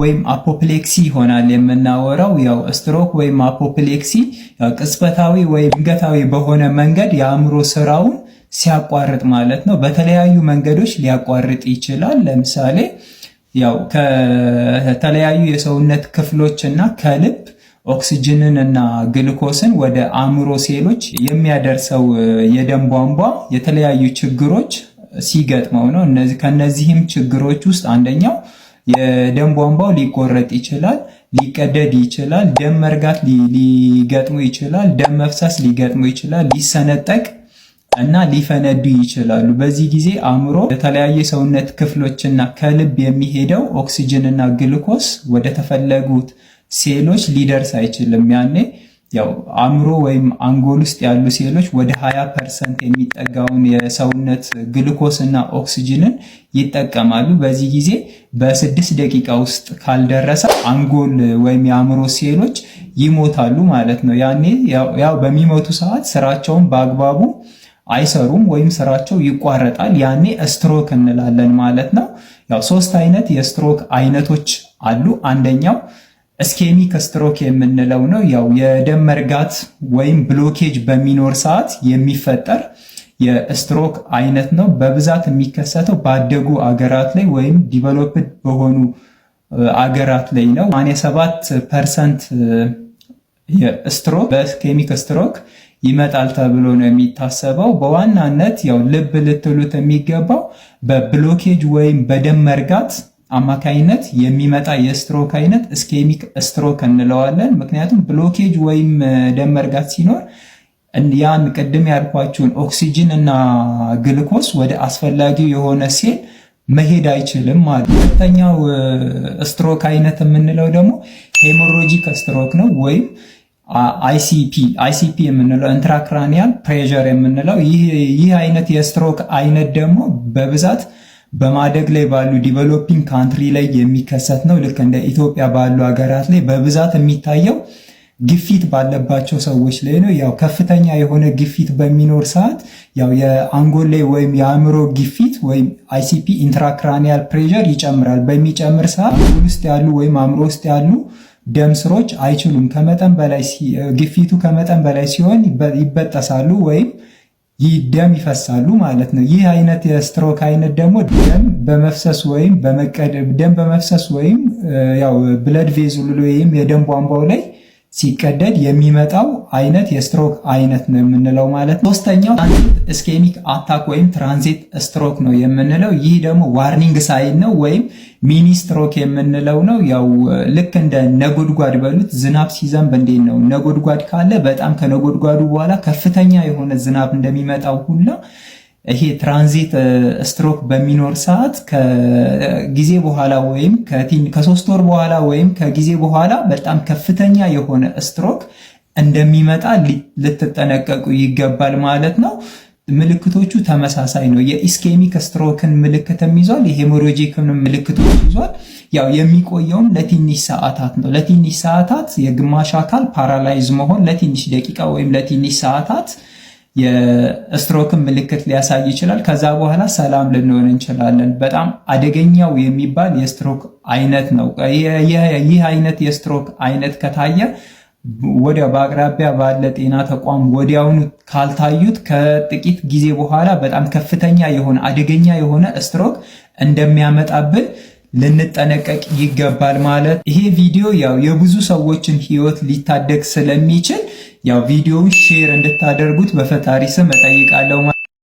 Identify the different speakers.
Speaker 1: ወይም አፖፕሌክሲ ይሆናል የምናወራው። ያው ስትሮክ ወይም አፖፕሌክሲ ቅጽበታዊ ወይም ድንገታዊ በሆነ መንገድ የአእምሮ ስራውን ሲያቋርጥ ማለት ነው። በተለያዩ መንገዶች ሊያቋርጥ ይችላል። ለምሳሌ ያው ከተለያዩ የሰውነት ክፍሎች እና ከልብ ኦክስጅንን እና ግልኮስን ወደ አእምሮ ሴሎች የሚያደርሰው የደም ቧንቧ የተለያዩ ችግሮች ሲገጥመው ነው። ከነዚህም ችግሮች ውስጥ አንደኛው የደም ቧንቧው ሊቆረጥ ይችላል፣ ሊቀደድ ይችላል፣ ደም መርጋት ሊገጥሙ ይችላል፣ ደም መፍሰስ ሊገጥሙ ይችላል፣ ሊሰነጠቅ እና ሊፈነዱ ይችላሉ። በዚህ ጊዜ አእምሮ የተለያዩ የሰውነት ክፍሎችና ከልብ የሚሄደው ኦክሲጅንና ግልኮስ ወደ ተፈለጉት ሴሎች ሊደርስ አይችልም። ያኔ ያው አእምሮ ወይም አንጎል ውስጥ ያሉ ሴሎች ወደ 20 ፐርሰንት የሚጠጋውን የሰውነት ግልኮስ እና ኦክስጅንን ይጠቀማሉ። በዚህ ጊዜ በስድስት ደቂቃ ውስጥ ካልደረሰ አንጎል ወይም የአእምሮ ሴሎች ይሞታሉ ማለት ነው። ያኔ ያው በሚሞቱ ሰዓት ስራቸውን በአግባቡ አይሰሩም ወይም ስራቸው ይቋረጣል። ያኔ ስትሮክ እንላለን ማለት ነው። ያው ሶስት አይነት የስትሮክ አይነቶች አሉ። አንደኛው እስኬሚ ከስትሮክ የምንለው ነው። ያው የደም መርጋት ወይም ብሎኬጅ በሚኖር ሰዓት የሚፈጠር የስትሮክ አይነት ነው። በብዛት የሚከሰተው ባደጉ አገራት ላይ ወይም ዲቨሎፕድ በሆኑ አገራት ላይ ነው። 87 ፐርሰንት የስትሮክ በስኬሚክ ስትሮክ ይመጣል ተብሎ ነው የሚታሰበው። በዋናነት ያው ልብ ልትሉት የሚገባው በብሎኬጅ ወይም በደም መርጋት አማካይነት የሚመጣ የስትሮክ አይነት እስኬሚክ ስትሮክ እንለዋለን። ምክንያቱም ብሎኬጅ ወይም ደም መርጋት ሲኖር ያን ቅድም ያልኳችሁን ኦክሲጅን እና ግልኮስ ወደ አስፈላጊው የሆነ ሴል መሄድ አይችልም ማለት ነው። ሁለተኛው ስትሮክ አይነት የምንለው ደግሞ ሄሞሮጂክ ስትሮክ ነው ወይም አይሲፒ አይሲፒ የምንለው ኢንትራክራኒያል ፕሬዠር የምንለው ይህ አይነት የስትሮክ አይነት ደግሞ በብዛት በማደግ ላይ ባሉ ዲቨሎፒንግ ካንትሪ ላይ የሚከሰት ነው። ልክ እንደ ኢትዮጵያ ባሉ ሀገራት ላይ በብዛት የሚታየው ግፊት ባለባቸው ሰዎች ላይ ነው። ያው ከፍተኛ የሆነ ግፊት በሚኖር ሰዓት ያው የአንጎል ላይ ወይም የአእምሮ ግፊት ወይም አይሲፒ ኢንትራክራኒያል ፕሬዠር ይጨምራል። በሚጨምር ሰዓት አንጎል ውስጥ ያሉ ወይም አእምሮ ውስጥ ያሉ ደም ስሮች አይችሉም። ከመጠን በላይ ግፊቱ ከመጠን በላይ ሲሆን ይበጠሳሉ ወይም ይህ ደም ይፈሳሉ ማለት ነው። ይህ አይነት የስትሮክ አይነት ደግሞ ደም በመፍሰስ ወይም ደም በመፍሰስ ወይም ያው ብለድ ቬዝል ወይም የደም ቧንቧው ላይ ሲቀደድ የሚመጣው አይነት የስትሮክ አይነት ነው የምንለው ማለት ነው። ሶስተኛው ትራንዚት እስኬሚክ አታክ ወይም ትራንዚት ስትሮክ ነው የምንለው። ይህ ደግሞ ዋርኒንግ ሳይን ነው ወይም ሚኒ ስትሮክ የምንለው ነው። ያው ልክ እንደ ነጎድጓድ በሉት። ዝናብ ሲዘንብ እንዴት ነው ነጎድጓድ ካለ በጣም ከነጎድጓዱ በኋላ ከፍተኛ የሆነ ዝናብ እንደሚመጣው ሁላ ይሄ ትራንዚት ስትሮክ በሚኖር ሰዓት ከጊዜ በኋላ ወይም ከሶስት ወር በኋላ ወይም ከጊዜ በኋላ በጣም ከፍተኛ የሆነ ስትሮክ እንደሚመጣ ልትጠነቀቁ ይገባል ማለት ነው። ምልክቶቹ ተመሳሳይ ነው። የኢስኬሚክ ስትሮክን ምልክትም ይዟል፣ የሄሞሮጂክን ምልክቶች ይዟል። ያው የሚቆየውም ለትንሽ ሰዓታት ነው። ለትንሽ ሰዓታት የግማሽ አካል ፓራላይዝ መሆን ለትንሽ ደቂቃ ወይም ለትንሽ ሰዓታት የስትሮክን ምልክት ሊያሳይ ይችላል። ከዛ በኋላ ሰላም ልንሆን እንችላለን። በጣም አደገኛው የሚባል የስትሮክ አይነት ነው። ይህ አይነት የስትሮክ አይነት ከታየ ወዲያው በአቅራቢያ ባለ ጤና ተቋም ወዲያውኑ ካልታዩት ከጥቂት ጊዜ በኋላ በጣም ከፍተኛ የሆነ አደገኛ የሆነ ስትሮክ እንደሚያመጣብን ልንጠነቀቅ ይገባል ማለት። ይሄ ቪዲዮ ያው የብዙ ሰዎችን ህይወት ሊታደግ ስለሚችል ያው ቪዲዮውን ሼር እንድታደርጉት በፈጣሪ ስም እጠይቃለሁ።